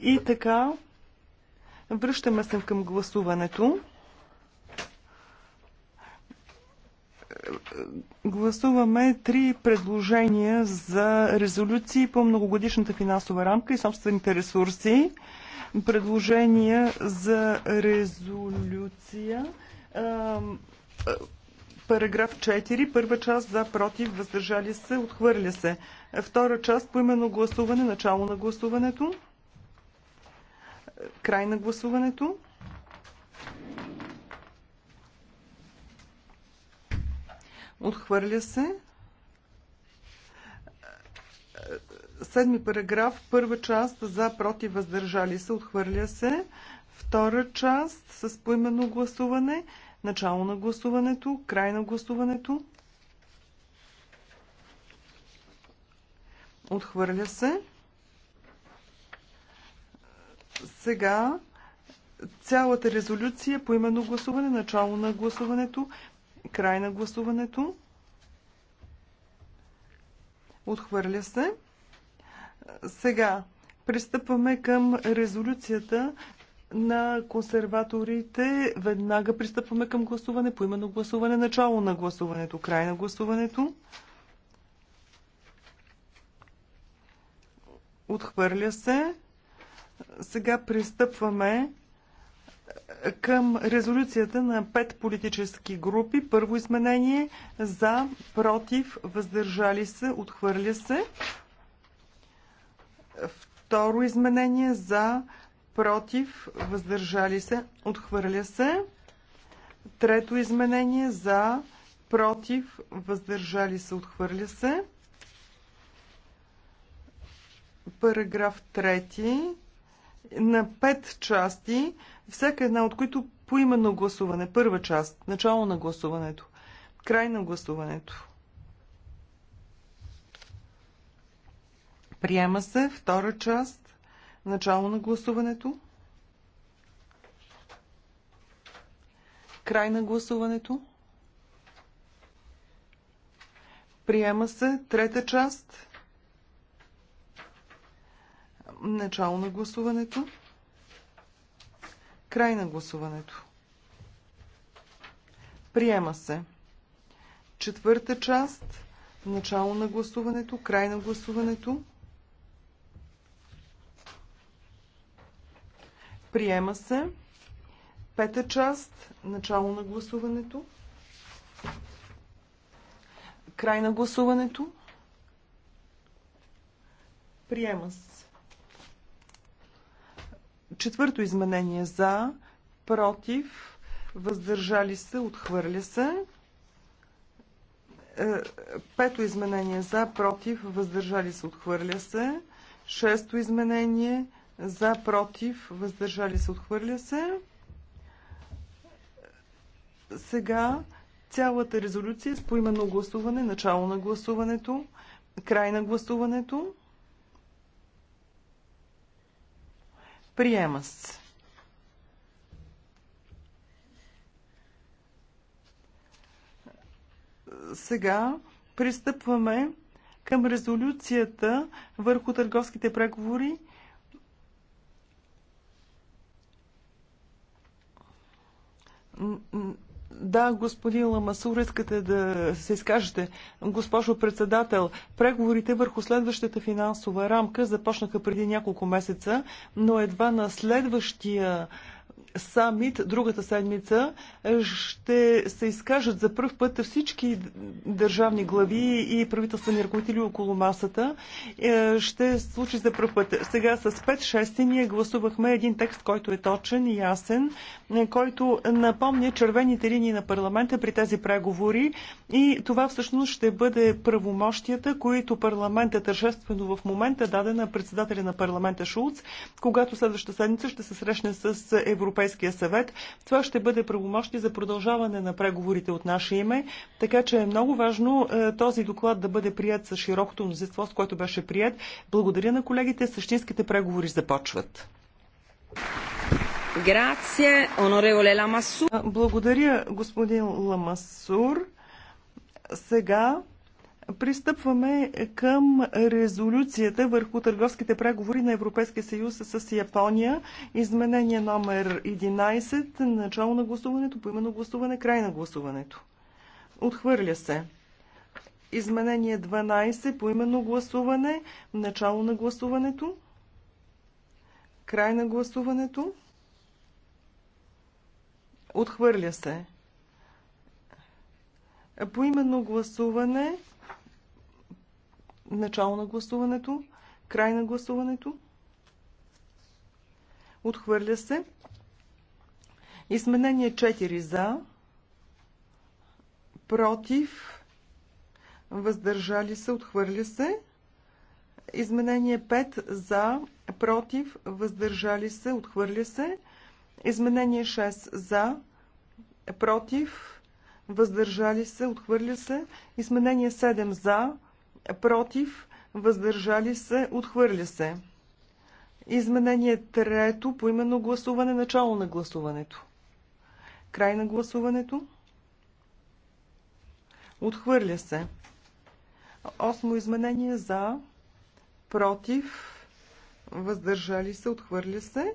И така, връщаме се към гласуването. Гласуваме три предложения за резолюции по многогодишната финансова рамка и собствените ресурси. Предложения за резолюция. Параграф 4, първа част за против, въздържали се, отхвърля се. Втора част по именно гласуване, начало на гласуването, край на гласуването. Отхвърля се. Седми параграф, първа част за против въздържали се, отхвърля се. Втора част с поименно гласуване, начало на гласуването, край на гласуването. Отхвърля се. Сега цялата резолюция по именно гласуване, начало на гласуването, край на гласуването. Отхвърля се. Сега пристъпваме към резолюцията на консерваторите. Веднага пристъпваме към гласуване, по именно гласуване, начало на гласуването, край на гласуването. Отхвърля се. Сега пристъпваме е, към резолюцията на пет политически групи. Първо изменение за, против, въздържали се, отхвърля се. Второ изменение за, против, въздържали се, отхвърля се. Трето изменение за, против, въздържали се, отхвърля се параграф 3 на 5 части, всяка една от които поименно гласуване. Първа част, начало на гласуването, край на гласуването. Приема се втора част, начало на гласуването, край на гласуването. Приема се трета част, Начало на гласуването. Край на гласуването. Приема се. Четвърта част. Начало на гласуването. Край на гласуването. Приема се. Пета част. Начало на гласуването. Край на гласуването. Приема се. Четвърто изменение за, против, въздържали се, отхвърля се. Е, пето изменение за, против, въздържали се, отхвърля се. Шесто изменение за, против, въздържали се, отхвърля се. Сега цялата резолюция с поименно гласуване, начало на гласуването, край на гласуването. Приема се. Сега пристъпваме към резолюцията върху търговските преговори. Н- да, господин Ламасур, искате да се изкажете. Госпожо председател, преговорите върху следващата финансова рамка започнаха преди няколко месеца, но едва на следващия самит другата седмица ще се изкажат за първ път всички държавни глави и правителствени ръководители около масата. Е, ще случи за първ път. Сега с 5-6 ние гласувахме един текст, който е точен и ясен, е, който напомня червените линии на парламента при тези преговори и това всъщност ще бъде правомощията, които парламента тържествено в момента даде на председателя на парламента Шулц, когато следващата седмица ще се срещне с Европейския Европейския съвет. Това ще бъде правомощи за продължаване на преговорите от наше име, така че е много важно е, този доклад да бъде прият с широкото мнозинство, с което беше прият. Благодаря на колегите. Същинските преговори започват. Благодаря, господин Ламасур. Сега Пристъпваме към резолюцията върху търговските преговори на Европейския съюз с Япония. Изменение номер 11. Начало на гласуването, поименно гласуване, край на гласуването. Отхвърля се. Изменение 12. Поименно гласуване, начало на гласуването, край на гласуването. Отхвърля се. Поименно гласуване Начало на гласуването. Край на гласуването. Отхвърля се. Изменение 4 за. Против. Въздържали се. Отхвърля се. Изменение 5 за. Против. Въздържали се. Отхвърля се. Изменение 6 за. Против. Въздържали се. Отхвърля се. Изменение 7 за против, въздържали се, отхвърля се. Изменение трето по именно гласуване, начало на гласуването. Край на гласуването. Отхвърля се. Осмо изменение за, против, въздържали се, отхвърля се.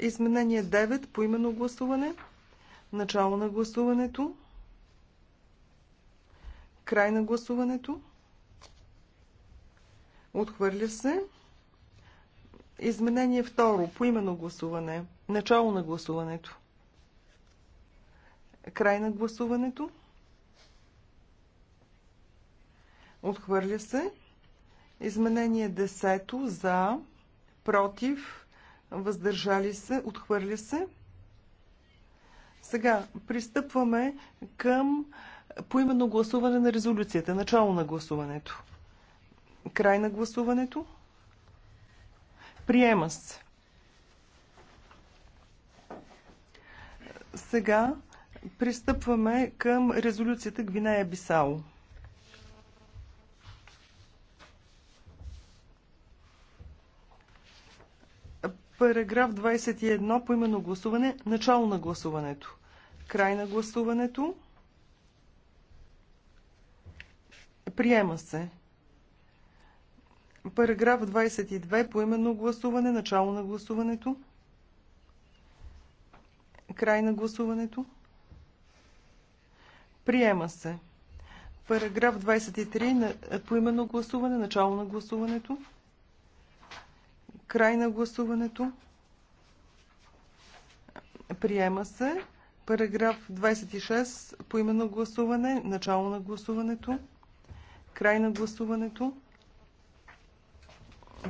Изменение 9 по именно гласуване, начало на гласуването, край на гласуването. Отхвърля се. Изменение второ. по имено гласуване. Начало на гласуването. Край на гласуването. Отхвърля се. Изменение десето за, против, въздържали се, отхвърля се. Сега пристъпваме към поименно гласуване на резолюцията, начало на гласуването. Край на гласуването. Приема се. Сега пристъпваме към резолюцията Гвинея Бисао. Параграф 21 по именно гласуване. Начало на гласуването. Край на гласуването. Приема се. Параграф 22. Поименно гласуване. Начало на гласуването. Край на гласуването. Приема се. Параграф 23. по поименно гласуване. Начало на гласуването. Край на гласуването. Приема се. Параграф 26. Поименно гласуване. Начало на гласуването. Край на гласуването.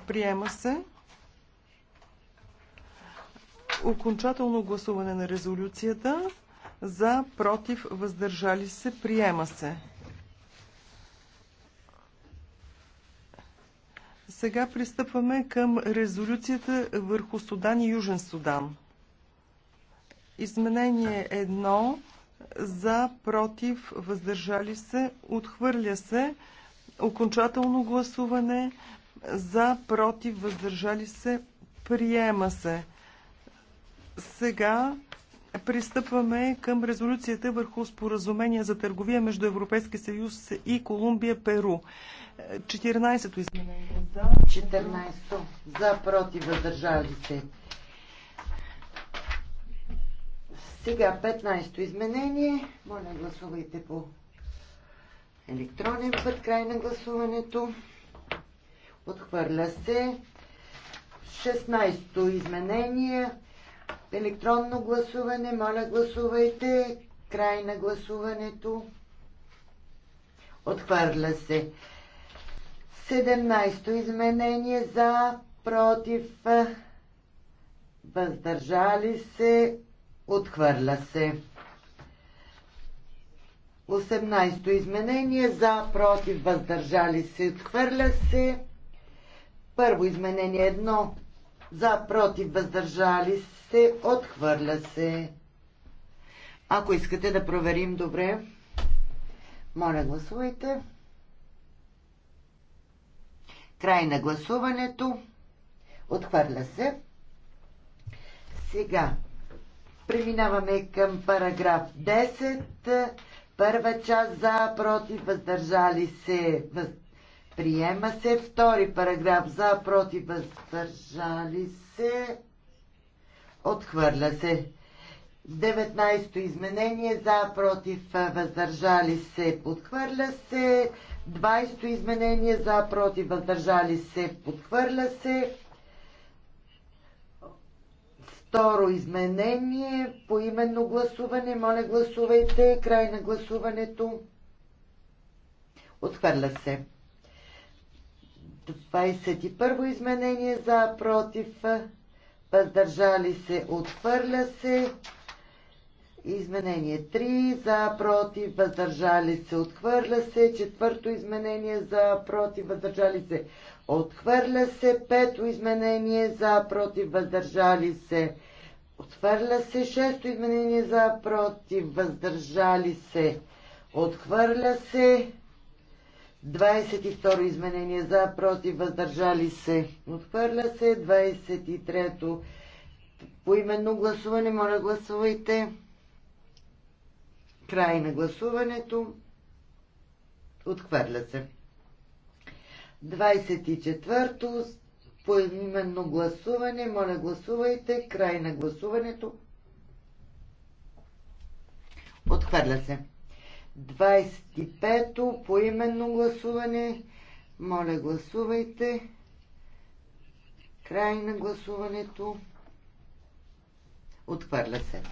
Приема се. Окончателно гласуване на резолюцията. За, против, въздържали се. Приема се. Сега пристъпваме към резолюцията върху Судан и Южен Судан. Изменение едно за, против, въздържали се, отхвърля се, окончателно гласуване за, против, въздържали се, приема се. Сега пристъпваме към резолюцията върху споразумение за търговия между Европейския съюз и Колумбия, Перу. 14-то изменение за. 14-то за, против, въздържали се. Сега 15-то изменение. Моля, гласувайте по електронен път край на гласуването. Отхвърля се. 16-то изменение. Електронно гласуване. Моля, гласувайте. Край на гласуването. Отхвърля се. 17-то изменение за, против, въздържали се, отхвърля се. 18-то изменение за, против, въздържали се, отхвърля се. Първо изменение едно. За, против, въздържали се, отхвърля се. Ако искате да проверим добре, моля гласувайте. Край на гласуването. Отхвърля се. Сега преминаваме към параграф 10. Първа част за, против, въздържали се, Въз... Приема се втори параграф за, против, въздържали се. Отхвърля се. 19-то изменение за, против, въздържали се. подхвърля се. 20-то изменение за, против, въздържали се. подхвърля се. Второ изменение по именно гласуване. Моля, гласувайте. Край на гласуването. Отхвърля се. 21 изменение за, против, въздържали се, отхвърля се. Изменение 3 за, против, въздържали се, отхвърля се. Четвърто изменение за, против, въздържали се, отхвърля се. Пето изменение за, против, въздържали се, отхвърля се. Шесто изменение за, против, въздържали се, отхвърля се. 22 изменение за, против, въздържали се. Отхвърля се. 23-то поименно гласуване. Моля, гласувайте. Край на гласуването. Отхвърля се. 24-то поименно гласуване. Моля, гласувайте. Край на гласуването. Отхвърля се. 25-то по именно гласуване. Моля, гласувайте. Край на гласуването. Отхвърля се.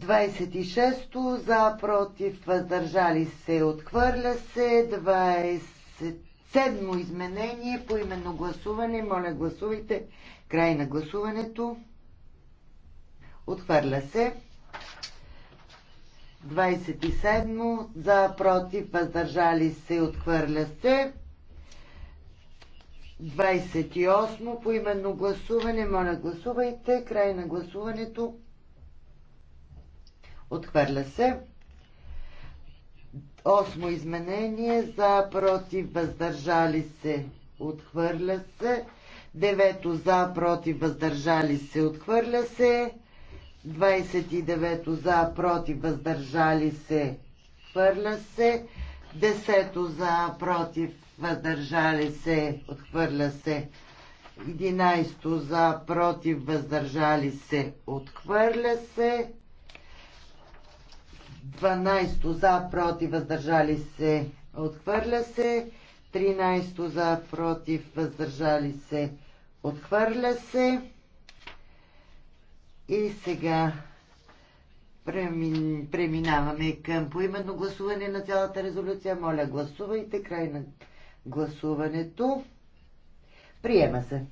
26-то за, против, въздържали се, отхвърля се. 27-мо изменение по именно гласуване. Моля, гласувайте. Край на гласуването. Отхвърля се. 27 за, против, въздържали се, отхвърля се. 28 по именно гласуване. Моля, гласувайте. Край на гласуването. Отхвърля се. 8 изменение за, против, въздържали се, отхвърля се. 9 за, против, въздържали се, отхвърля се. 29 за, против, въздържали се, хвърля се. 10 за, против, въздържали се, отхвърля се. 11 за, против, въздържали се, отхвърля се. 12 за, против, въздържали се, отхвърля се. 13 за, против, въздържали се, отхвърля се. И сега преминаваме към поименно гласуване на цялата резолюция. Моля, гласувайте. Край на гласуването. Приема се.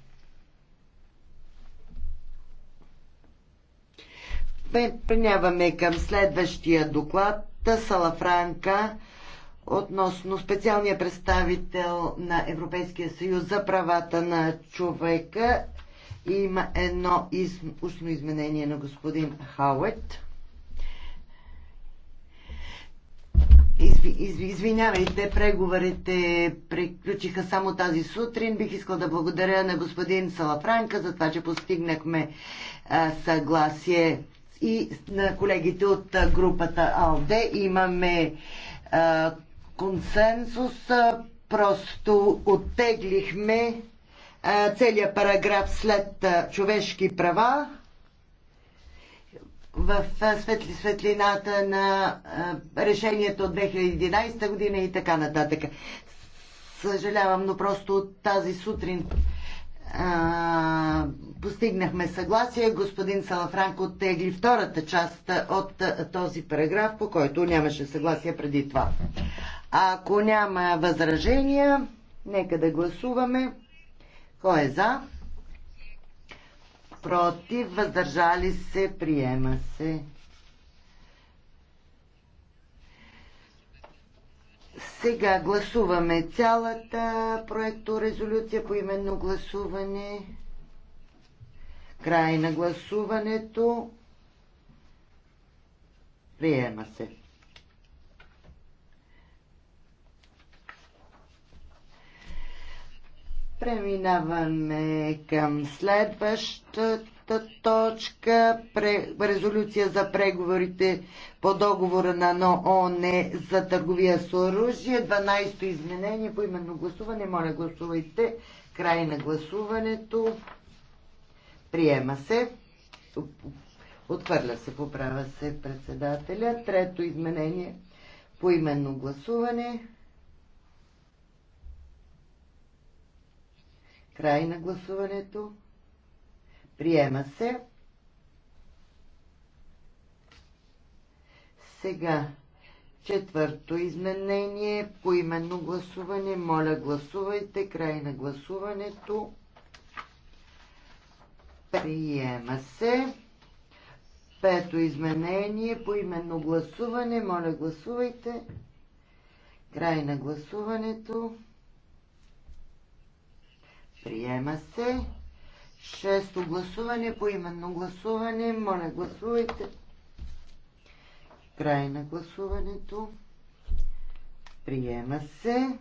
Преминаваме към следващия доклад. Франка относно специалния представител на Европейския съюз за правата на човека има едно из, устно изменение на господин Хаует. Изви, изви, извинявайте, преговорите приключиха само тази сутрин. Бих искал да благодаря на господин Салафранка за това, че постигнахме а, съгласие и на колегите от групата АЛДЕ. Имаме а, консенсус. А, просто оттеглихме целият параграф след човешки права в светли светлината на решението от 2011 година и така нататък. Съжалявам, но просто от тази сутрин а, постигнахме съгласие. Господин Салафранко оттегли втората част от този параграф, по който нямаше съгласие преди това. Ако няма възражения, нека да гласуваме. Кой е за? Против, въздържали се, приема се. Сега гласуваме цялата проекторезолюция по именно гласуване. Край на гласуването. Приема се. Преминаваме към следващата точка. Резолюция за преговорите по договора на ООН е за търговия с оружие. 12-то изменение по именно гласуване. Моля, гласувайте. Край на гласуването. Приема се. Отхвърля се, поправя се председателя. Трето изменение по именно гласуване. Край на гласуването. Приема се. Сега четвърто изменение, По именно гласуване. Моля, гласувайте. Край на гласуването. Приема се. Пето изменение, По именно гласуване. Моля, гласувайте. Край на гласуването. Приема се. Шесто гласуване, по именно гласуване. Моля, гласувайте. Край на гласуването. Приема се.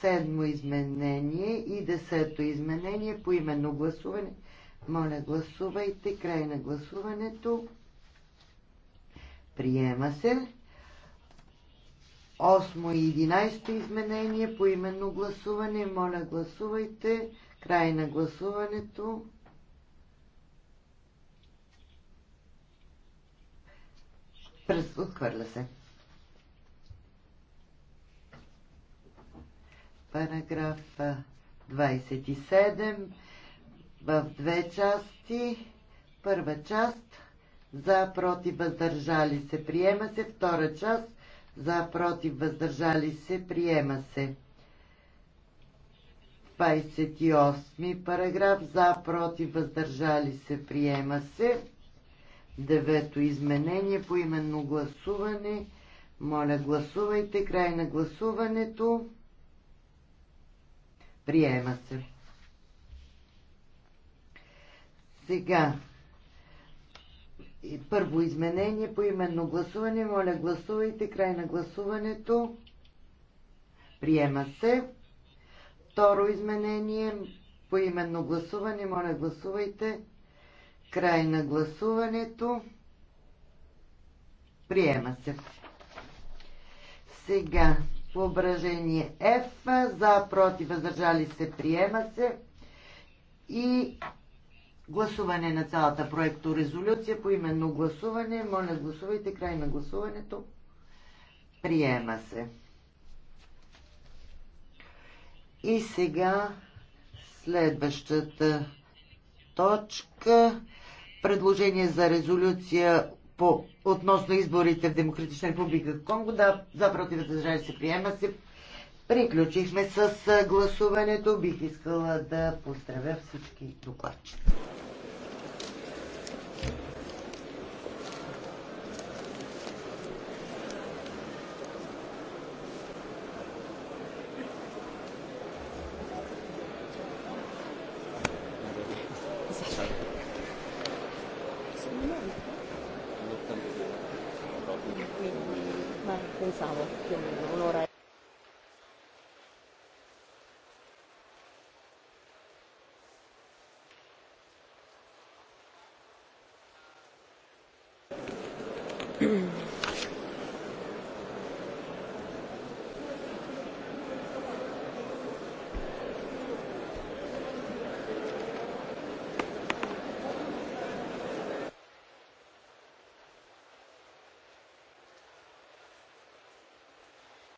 Седмо изменение и десето изменение по именно гласуване. Моля, гласувайте. Край на гласуването. Приема се. Осмо и 11 изменение по именно гласуване. Моля, гласувайте. Край на гласуването. отхвърля се. Параграф 27 в две части. Първа част за против въздържали се приема се. Втора част за против въздържали се, приема се. 28 параграф за против въздържали се, приема се. Девето изменение по именно гласуване. Моля, гласувайте. Край на гласуването. Приема се. Сега първо изменение по именно гласуване. Моля, гласувайте. Край на гласуването. Приема се. Второ изменение по именно гласуване. Моля, гласувайте. Край на гласуването. Приема се. Сега въображение F. За, против, въздържали се. Приема се. И гласуване на цялата проекторезолюция по именно гласуване. Моля, гласувайте край на гласуването. Приема се. И сега следващата точка. Предложение за резолюция по, относно изборите в Демократична република Конго. Да, за против, се приема се. Приключихме с гласуването. Бих искала да поздравя всички докладчици. pensavo